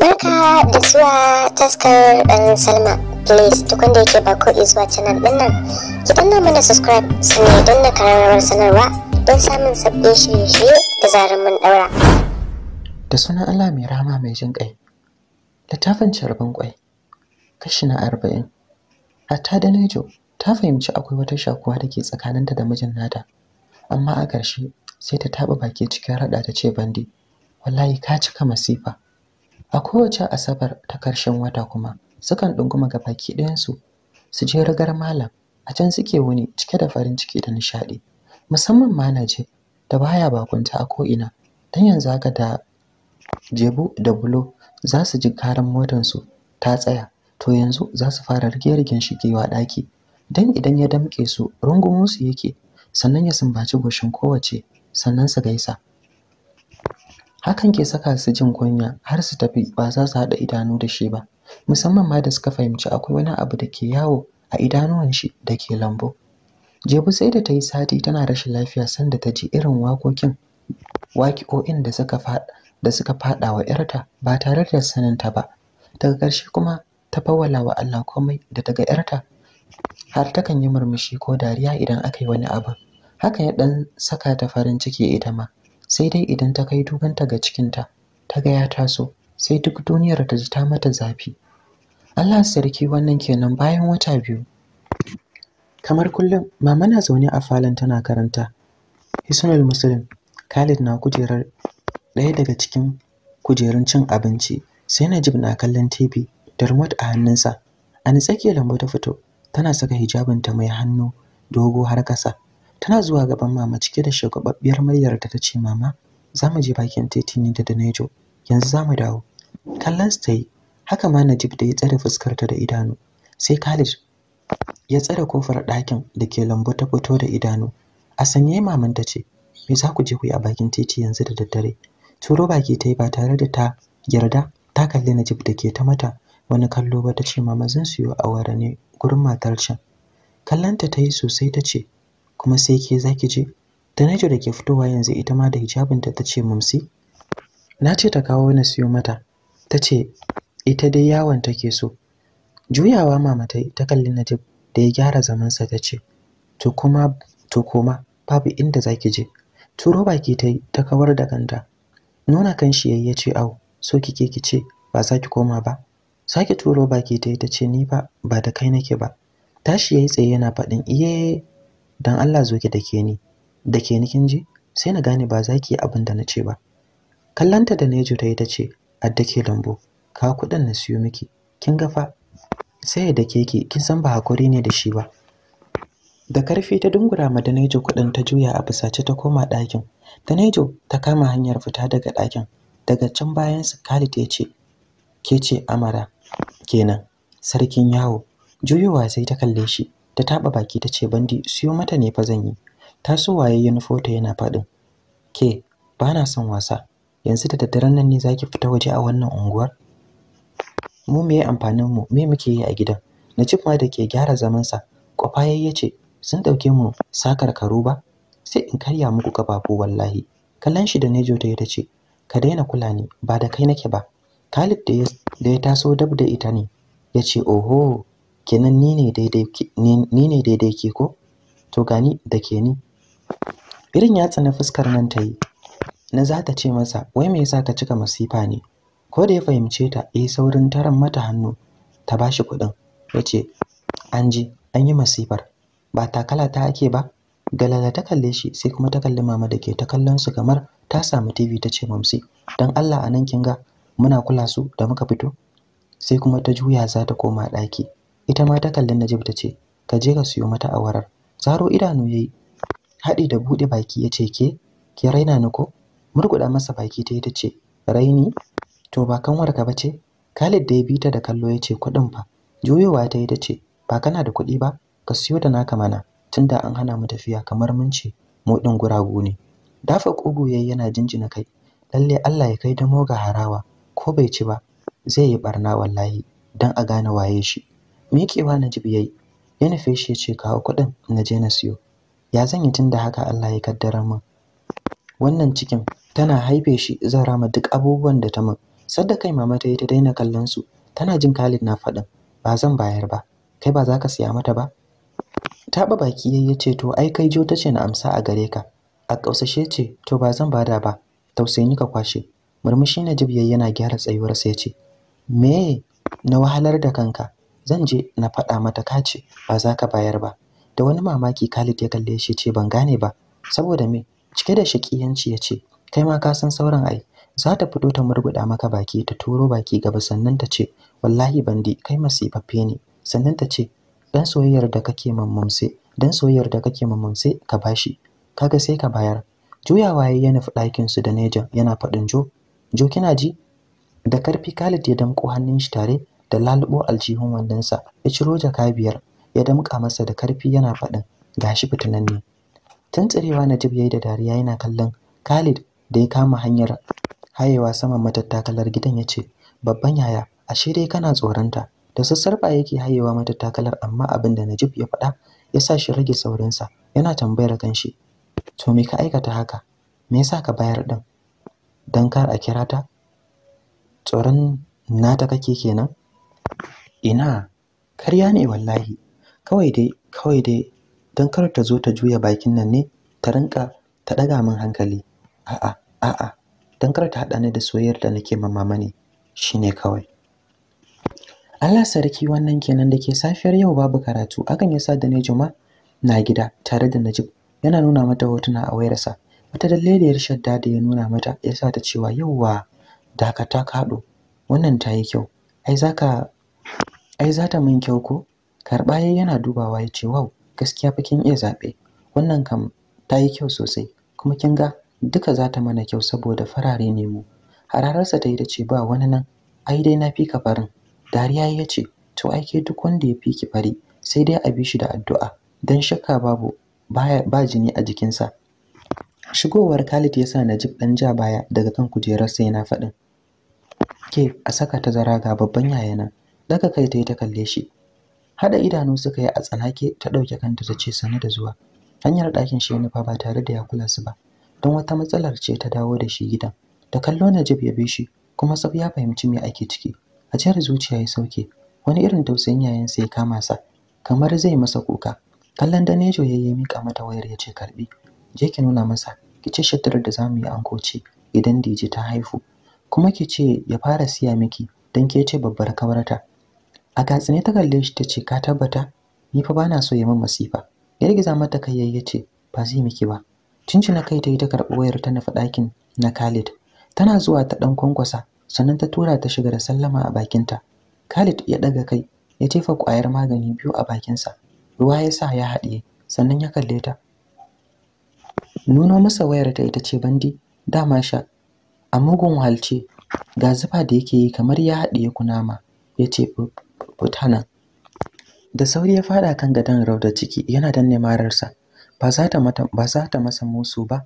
Barka da zuwa taskar ɗan Salma. Please duk wanda yake ba ko zuwa canal ɗin nan, ki danna mana subscribe su ne don na kararrawar sanarwa don samun sabbin shirye-shirye da zarar mun ɗaura. Da sunan Allah mai rama mai jin ƙai, littafin carbin ƙwai, kashi na arba'in, atta da nejo ta fahimci akwai wata shakuwa da ke tsakaninta da mijin nata amma a ƙarshe sai ta taɓa baki cikin raɗa ta ce bandi wallahi ka cika masifa a kowace asabar ta ƙarshen wata kuma sukan ɗunguma ga baki ɗayansu su je rigar malam a can suke wuni cike da farin ciki da nishaɗi musamman ma je da baya bakunta a ko'ina don yanzu haka da jebu da bulo za su ji karan motansu ta tsaya to yanzu za su fara rige-rigen shigewa ɗaki dan idan ya damke su rungumunsu yake sannan ya sumbaci goshin kowace sannan su gaisa hakan ke saka su jin kunya har su tafi ba za su haɗa idanu da shi ba musamman ma da suka fahimci akwai wani abu da ke yawo a idanuwan shi da ke lambu jebu sai da ta yi sati tana rashin lafiya sanda ta ji irin waƙoƙin waƙi'o'in da suka faɗa da suka faɗa wa ‘yarta ba tare da saninta ba daga ƙarshe kuma ta fawala wa Allah komai da daga ‘yarta har kan yi murmushi ko dariya idan aka yi wani abu, haka ya dan saka ta farin ciki ita ma sai dai idan ta kai ta ga cikinta ta ga ya taso sai duk duniyar ta ji ta mata zafi Allah sarki wannan kenan bayan wata biyu kamar kullum mama na zaune a falon tana karanta Hisnul Muslim Khalid na kujerar ɗaya daga cikin kujerun cin abinci sai Najib na kallon TV da remote a hannunsa a nitsake lambu ta fito tana saka hijabinta mai hannu dogo har ƙasa tana zuwa gaban mama cike da shagwababbiyar muryar ta tace mama za mu je bakin titi ne da Danejo yanzu za mu dawo kallon su yi, haka ma Najib da ya tsare fuskarta da idanu sai Khalid ya tsare kofar ɗakin da ke lambu ta fito da idanu a sanye maman ta ce me za ku je ku yi a bakin titi yanzu da daddare turo baki ta yi ba tare da ta yarda ta kalli Najib da ke ta mata wani kallo ba ta ce mama zan siyo awara ne gurin matar can kallanta ta yi sosai ta ce kuma sai ke za ki je naji da ke fitowa yanzu ita ma da hijabin ta ce mumsi na ce ta kawo na siyo mata ta ce ita dai yawon take so juyawa mama ta ta kalli Najib da ya gyara zamansa ta ce to kuma to koma babu inda za ki je turo baki ta yi ta kawar da kanta nuna kan shi ya ce au so kike ki ce ba za ki koma ba sake turo baki ta yi ta ce ni ba ba da kai nake ba tashi ya yi tsaye yana faɗin iye don Allah zo ki ke ni da ni kin ji sai na gane ba za ki yi abin da na ce ba kallanta da Nejo ta yi ta ce ke lambu ka kuɗin na siyo miki kin ga fa sai ya dake ki kin san ba hakuri ne da shi ba da karfi ta dungura ma Danejo kuɗin ta juya a bisace ta koma ɗakin Danejo ta kama hanyar fita daga ɗakin daga can bayan su Kalite ya ce ke ce Amara kenan sarkin yawo juyowa sai ta kalle shi ta taba baki ta ce bandi siyo mata ne fa zan yi taso waye ya nufo ta yana faɗin ke ba na son wasa yanzu da daddaren nan ne zaki fita waje a wannan unguwar mu me amfanin mu me muke yi a gidan Najib ma da ke gyara zaman sa kwafa ya ce sun dauke mu sakar karo ba sai in karya muku kafafu wallahi kallon shi da Nejo ta yi ta ce ka daina kula ni ba da kai nake ba Khalid da ya taso dab da ita ne ya ce oho kenan ni ne daidai ke ko to gani da ke ni irin ya tsana fuskar nan ta yi na za ta ce masa wai me yasa ka cika masifa ne ko da ya fahimce ta yi eh, saurin taran mata hannu ta ba shi kuɗin ya ce an ji an yi masifar ba takala ta ake ba galala ta kalle shi sai kuma ta kalli mama da ke ta kallon su kamar ta samu tv ta ce mamsi don allah a nan kin ga muna kula su da muka fito sai kuma ta juya za ta koma ɗaki ita ma ta kalli Najib ta ce ka je ka siyo mata awarar zaro idanu yayi haɗi da buɗe baki ya ce ke ke raina ni ko murguɗa masa baki ta yi ta ce raini to ba kanwar ka bace Khalid da ya bi ta da kallo ya ce kuɗin fa juyowa ta yi ta ce ba kana da kuɗi ba ka siyo da naka mana tunda an hana mu tafiya kamar mun ce mu ɗin guragu ne dafa ƙugu yayi yana jinjina kai lalle Allah ya kai da moga harawa ko bai ci ba zai yi barna wallahi don a gane waye shi miƙewa na ya yi ya nufe shi ya ce kawo kuɗin na je na siyo ya zan yi tun haka allah ya kaddara min wannan cikin tana haife shi zan rama duk abubuwan da ta min sadda kai mama ta yi ta daina kallon su tana jin Khalid na faɗin ba zan bayar ba kai ba za ka siya mata ba taɓa baki yayi ya ce to ai kai jo ce na amsa a gare ka a kausashe ce to ba zan bada ba tausayin ka kwashe murmushi Najib yayi yana gyara tsayuwar sai me na wahalar da kanka zan je na faɗa mata kace ba za ka bayar ba da wani mamaki Khalid ya kalle shi ce ban gane ba saboda me cike da shakiyanci ya ce kai ma ka san sauran ai za ta fito ta murguda maka baki ta turo baki gaba sannan ta ce wallahi bandi kai masifaffe ne sannan ta ce dan soyayyar da kake mammamse dan soyayyar da kake mammamse ka bashi kaga sai ka bayar juyawa yayi ya nufi ɗakinsu su da Neja yana faɗin jo jo kina ji da karfi Khalid ya damƙo hannun shi tare da lalubo aljihun wandonsa ya ciro jaka biyar ya damƙa masa da karfi yana faɗin gashi fitinan ne tantsarewa Najib yayi da dariya yana kallon Khalid da ya kama hanyar hayewa saman matattakalar gidan ya ce babban yaya ashe dai kana tsoronta da sassarfa yake hayewa matattakalar amma abin da Najib ya faɗa ya sa shi rage saurinsa yana tambayar kanshi to me ka aikata haka me yasa ka bayar ɗin? don kar a kira ta tsoron nata kake kenan ina karya ne wallahi kawai dai kawai dai don kar ta zo ta juya bakin nan ne ta rinka ta ɗaga min hankali a'a a'a don kar ta haɗa ni da soyayyar da nake ma mama ne shine kawai Allah sarki wannan kenan da ke safiyar yau babu karatu akan yasa da ne juma na gida tare da Najib yana nuna mata hotuna a wayarsa wata dalleliyar shadda da ya nuna mata yasa ta cewa yauwa dakata kaɗo wannan ta yi kyau ai zaka ai za ta min kyau ko karɓa yayi yana dubawa ya ce wow gaskiya fa kin iya zaɓe wannan kam ta yi kyau sosai kuma kin ga duka za ta mana kyau saboda farare ne mu hararsa ta yi ta ce ba wani nan ai dai na fi ka farin dariya ya ce to ai ke duk wanda ya fi ki fari sai dai a bi shi da addu'a dan shakka babu baya ba jini a jikinsa shigowar Khalid ya sa Najib ɗan ja baya daga kan kujerar kujerarsa yana faɗin ke a saka ta zara ga babban yayana daga kai ta yi ta kalle shi hada idanu suka yi a tsanake ta ɗauke kanta ta ce sanu da zuwa hanyar ɗakin shi nufa ba tare da ya kula su ba don wata matsalar ce ta dawo da shi gidan da kallo Najib ya bi shi kuma sab ya fahimci me ake ciki a jihar zuciya ya sauke wani irin tausayin yayansa ya kama sa kamar zai masa kuka kallon danejo ya yi mika mata wayar ya ce karɓi. je ki nuna masa ki ce shatar da zamu yi anko ce idan diji ta haihu kuma ki ce ya fara siya miki don ke ce babbar kawarta a gatsine ta kalle shi ta ce ka tabbata ni fa bana so ya min masifa girgiza mata kai yayi ce ba zai miki ba cincina kai ta yi ta karɓo wayar ta nufi ɗakin na Khalid tana zuwa ta ɗan kwankwasa sannan ta tura ta shiga da sallama a bakinta Khalid ya ɗaga kai ya jefa kwayar magani biyu a bakinsa ruwa ya sa ya haɗiye sannan ya kalle ta nuno masa wayar ta ita ce bandi dama sha a mugun wahalce ga zufa da yake yi kamar ya haɗe ya kunama ya ce da sauri ya faɗa kan gadon rauda ciki yana danne mararsa ba za ta masa musu ba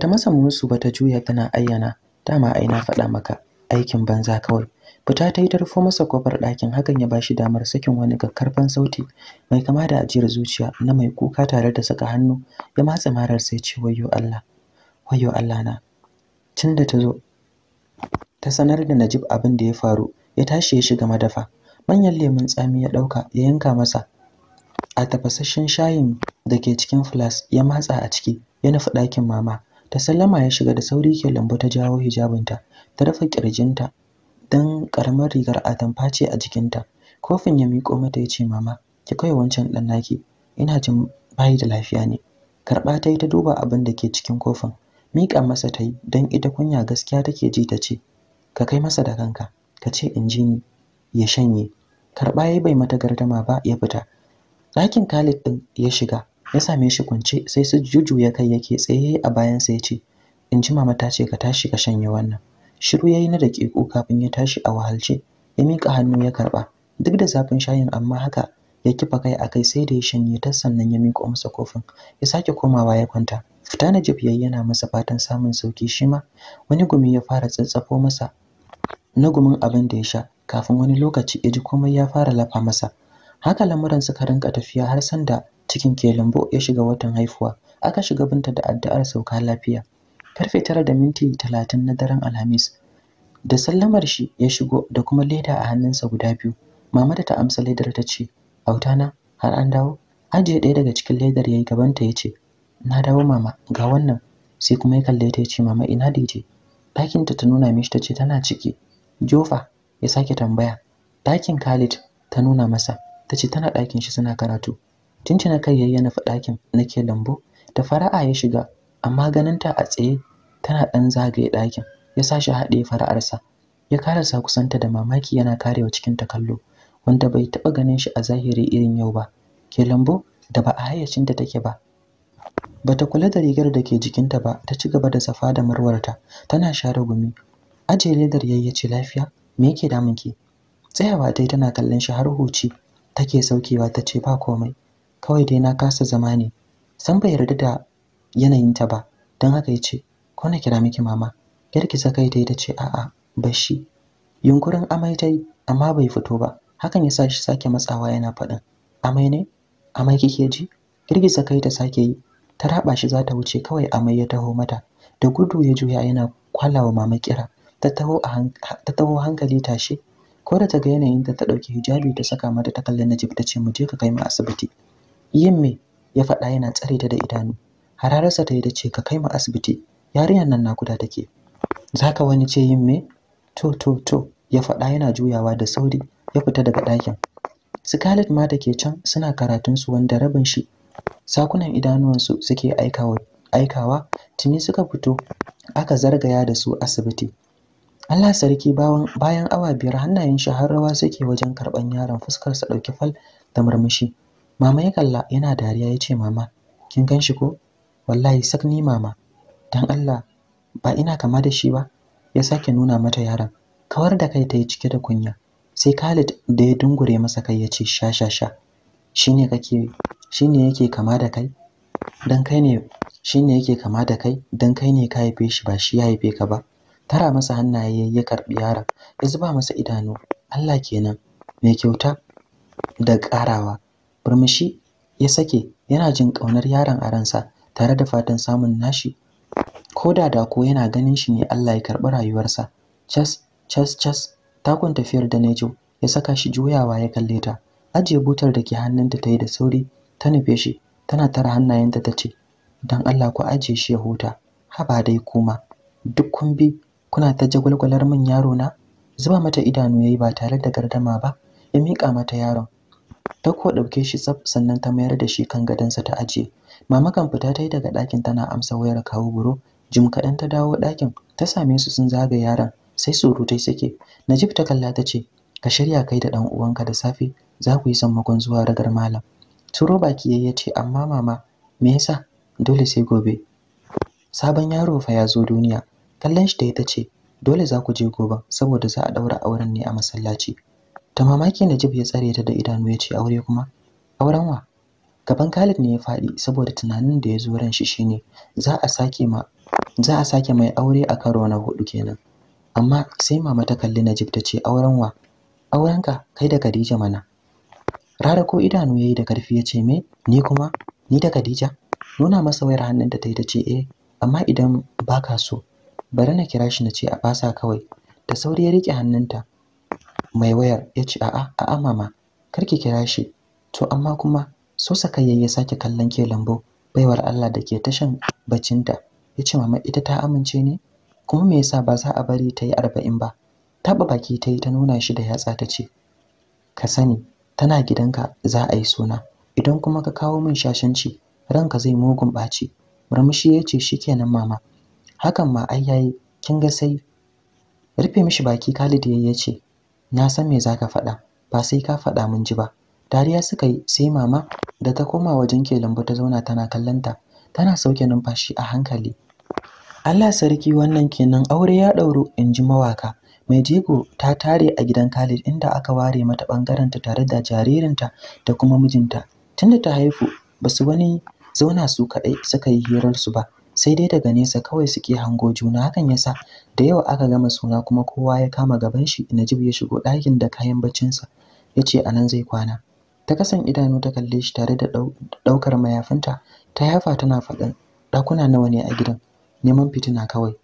ta masa musu ba ta juya tana ayyana dama ai na faɗa maka aikin banza kawai fita ta yi ta rufo masa kofar ɗakin hakan ya ba shi damar sakin wani kakkarfan sauti mai kama da ajiyar zuciya na mai kuka tare da saka hannu ya matsa marar sai ce wayo Allah wayo Allah na tun da ta zo ta sanar da Najib abin da ya faru ya tashi ya shiga madafa manyan lemun tsami ya ɗauka ya yanka masa a tafasasshen shayin da ke cikin flas ya matsa a ciki ya nufi ɗakin mama ta sallama ya shiga da sauri ke lambu ta jawo hijabinta ta rufe ƙirjinta dan karamar rigar atamfa ce a jikinta kofin ya miko mata ya ce mama ki kai wancan ɗan naki ina jin bayi da lafiya ne karba ta yi ta duba abin da ke cikin kofin miƙa masa ta yi don ita kunya gaskiya take ji ta ce ka kai masa da kanka ka ce in ji ni ya shanye karba ya bai mata gardama ba ya fita ɗakin Khalid ɗin ya shiga ya same shi kwance sai su ya kai yake tsaye a bayansa ya ce in ji mama ta ce ka tashi ka shanye wannan Shiru ya yi na daƙiƙu kafin ya tashi a wahalce, ya mika hannu ya karɓa. Duk da zafin shayin amma haka ya kifa kai a kai sai da ya shanye ta sannan ya miƙo masa kofin. Ya sake komawa ya kwanta. Fita na jif yayi yana masa fatan samun sauki shi ma. Wani gumi ya fara tsatsafo masa na gumin abin da ya sha kafin wani lokaci ya ji komai ya fara lafa masa. Haka lamuran suka rinka tafiya har sanda cikin ke Kelembo ya shiga watan haifuwa. Aka shiga binta da addu'ar sauka lafiya. karfe tara da minti talatin na daren alhamis da sallamar shi ya shigo da kuma leda a hannunsa guda biyu mama da ta amsa ledar ta ce autana har an dawo ajiye ɗaya daga cikin ledar yayi gabanta ya ce na dawo mama ga wannan sai kuma ya kalle ta ya ce mama ina da dije ɗakinta ta nuna mishi ta ce tana ciki jofa ya sake tambaya Dakin khalid ta nuna masa ta ce tana ɗakin shi suna karatu tuntuna kai yayi na ɗakin nake lambu da fara'a ya shiga amma ganinta a tsaye tana ɗan zagaye ɗakin ya sa haɗe fara'arsa ya karasa kusanta da mamaki yana karewa cikin takallo, wanda bai taɓa ganin shi a zahiri irin yau ba ke lambo da ba a hayyacinta take ba bata kula da rigar da ke jikinta ba ta ci gaba da safa da marwarta tana share gumi aje ledar yayyace lafiya me yake damun ki tsayawa dai tana kallon shi har huci take saukewa ta ce ba komai kawai dai na kasa zama ne san bai yarda da yanayinta ba don haka ya ce ko na kira miki mama girgiza kai ta ce a'a bashi yunkurin amai ta amma bai fito ba hakan yasa shi sake matsawa yana faɗin amai ne amai kike ji girgiza kai ta sake yi ta raba shi za ta wuce kawai amai ya taho mata da gudu ya juya yana kwalawa mama kira ta taho hankali tashi ko da ta ga yanayin da ta ɗauki hijabi ta saka mata ta kalli Najib ta ce mu je ka kai mu asibiti yin me ya faɗa yana tsare ta da idanu hararsa ta yi da ce ka kai mu asibiti yarinyar nan na nakuda take zaka wani ce yin me to to to ya faɗa yana juyawa da sauri ya fita daga ɗakin Scarlett ma da ke can suna karatun su wanda rabin shi sakunan idanuwansu suke aikawa aikawa tuni suka fito aka zargaya da su asibiti Allah sarki bawan bayan awa biyar hannayen shi har suke wajen karban yaron fuskar sa fal da murmushi mama ya kalla yana dariya yace mama kin ganshi ko wallahi sak ni mama dan Allah ba ina kama da shi ba ya sake nuna mata yaron kawar da kai ta yi cike da kunya sai Khalid da ya dungure masa kai ya ce sha sha sha shine kake shine yake kama da kai dan kai ne shine yake kama da kai dan kai ne ka haife shi ba shi ya haife ka ba tara masa hannaye ya karbi yaron ya zuba masa idanu Allah kenan mai kyauta da karawa burmushi ya sake yana jin kaunar yaron a ransa tare da fatan samun nashi ko da da ko yana ganin shi ne Allah ya karɓi rayuwarsa cas cas cas takun tafiyar da Nejo ya saka shi juyawa ya kalle ta ajiye butar da ke hannunta ta yi da sauri ta nufe shi tana tara hannayenta ta ce don Allah ku ajiye shi ya huta haba dai kuma duk kun bi kuna ta jagwalgwalar min yaro na zuba mata idanu yayi ba tare da gardama ba ya miƙa mata yaron ta ko ɗauke shi tsaf sannan ta mayar da shi kan gadonsa ta ajiye mama kan fita ta yi daga ɗakin tana amsa wayar kawo buro jim kaɗan ta dawo ɗakin ta same su sun zaga yaran sai surutai suke najib ta kalla ta ce ka shirya kai da ɗan uwanka da safe za ku yi sammakon zuwa ragar malam turo baki ya ce amma mama me yasa dole sai gobe sabon yaro fa ya zo duniya kallon shi da ita ce dole za ku je gobe saboda za a ɗaura auren ne a masallaci ta mamaki Najib ya tsare ta da idanu ya ce aure kuma auren wa gaban Khalid ne ya faɗi saboda tunanin da ya zo ran shi shine za a sake ma za a sake mai aure a karo na hudu kenan amma sai mama ta kalli Najib ta ce auren wa aurenka kai da Khadija mana Rara ko idanu yayi da karfi ya ce me ni kuma ni da Khadija nuna masa wayar hannun ta ta ce eh amma idan baka so bari na kira shi na ce a fasa kawai da sauri ya rike hannunta mai wayar ya ce a'a a'a mama karki kira shi to amma kuma so sakayya ya sake kallon ke lambo baiwar Allah da ke tashan bacinta ya ce mama ita ta amince ne kuma me yasa ba za a bari ta yi arba'in ba taɓa baki ta yi ta nuna shi da yatsa ta ce ka sani tana gidanka za a yi suna idan kuma ka kawo min shashanci ranka zai mugun ɓaci murmushi ya ce shikenan mama hakan ma ai yayi kin ga sai rufe mishi baki Khalid ya ce na san me zaka faɗa ba sai ka faɗa mun ji ba dariya suka yi sai mama da ta koma wajen ke lambu ta zauna tana kallanta tana sauke numfashi a hankali Allah sarki wannan kenan aure ya ɗauro in ji mawaka. Mai jego ta tare a gidan Khalid inda aka ware mata ɓangarenta tare da jaririnta da kuma mijinta. Tunda ta haifu ba su wani zauna su kaɗai suka yi hirarsu ba sai dai daga nesa kawai suke hango juna hakan yasa da yawa aka gama suna kuma kowa ya kama gaban shi Najib ya shigo ɗakin da kayan baccinsa ya ce a nan zai kwana. Ta kasan idanu ta kalle shi tare da ɗaukar mayafinta ta yafa tana faɗin ɗakuna nawa ne a gidan neman fitina kawai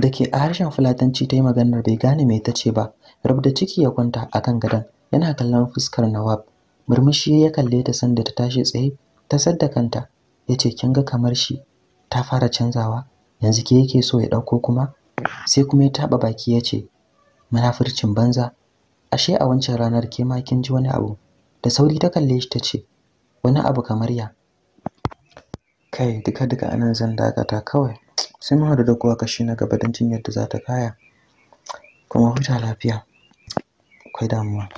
da ke a harshen fulatanci ta yi maganar bai gane mai ta ce ba rubda ciki ya kwanta a kan gadon yana kallon fuskar nawab murmushi ya kalle ta sanda ta tashi tsaye ta sadda kanta ya ce kin ga kamar shi ta fara canzawa yanzu ke yake so ya ɗauko kuma sai kuma ya taɓa baki ya ce munafurcin banza ashe a wancan ranar ke ma kin ji wani abu da sauri ta kalle shi ta ce wani abu kamar ya kai duka duka anan zan dakata kawai sai mun da kowa kashi na gaba don cin yadda za ta kaya kuma huta lafiya akwai damuwa